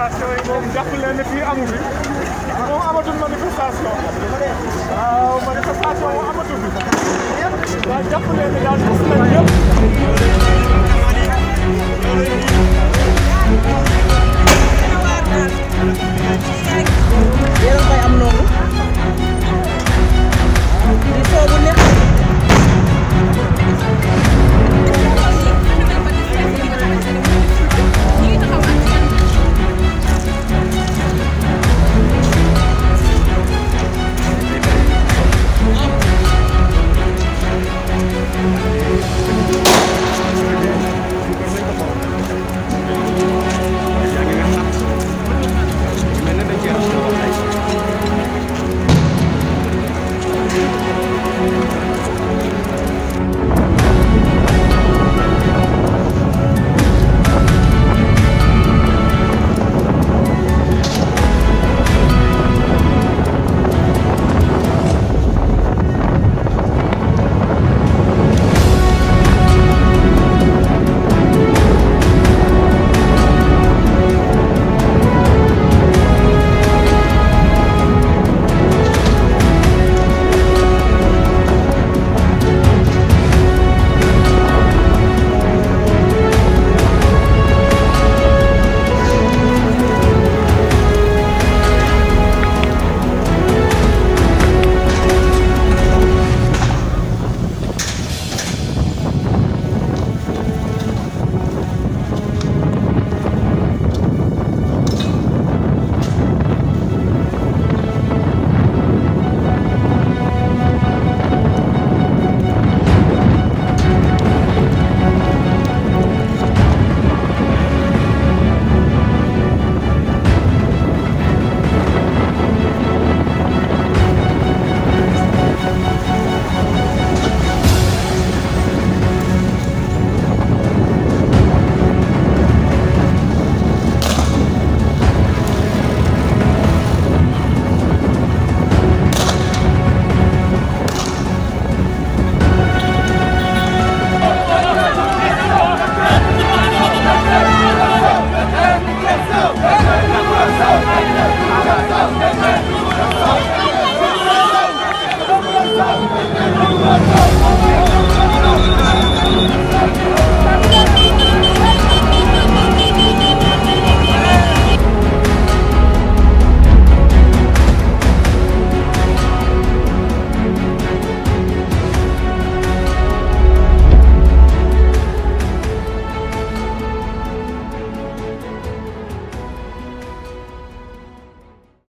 manifestation yi moom jàpp leen ne fii amu fi moom amatul manifestation waaw manifestation moom amatul fi waaw jàpp leen ne daal tas nañ yëpp Thank you.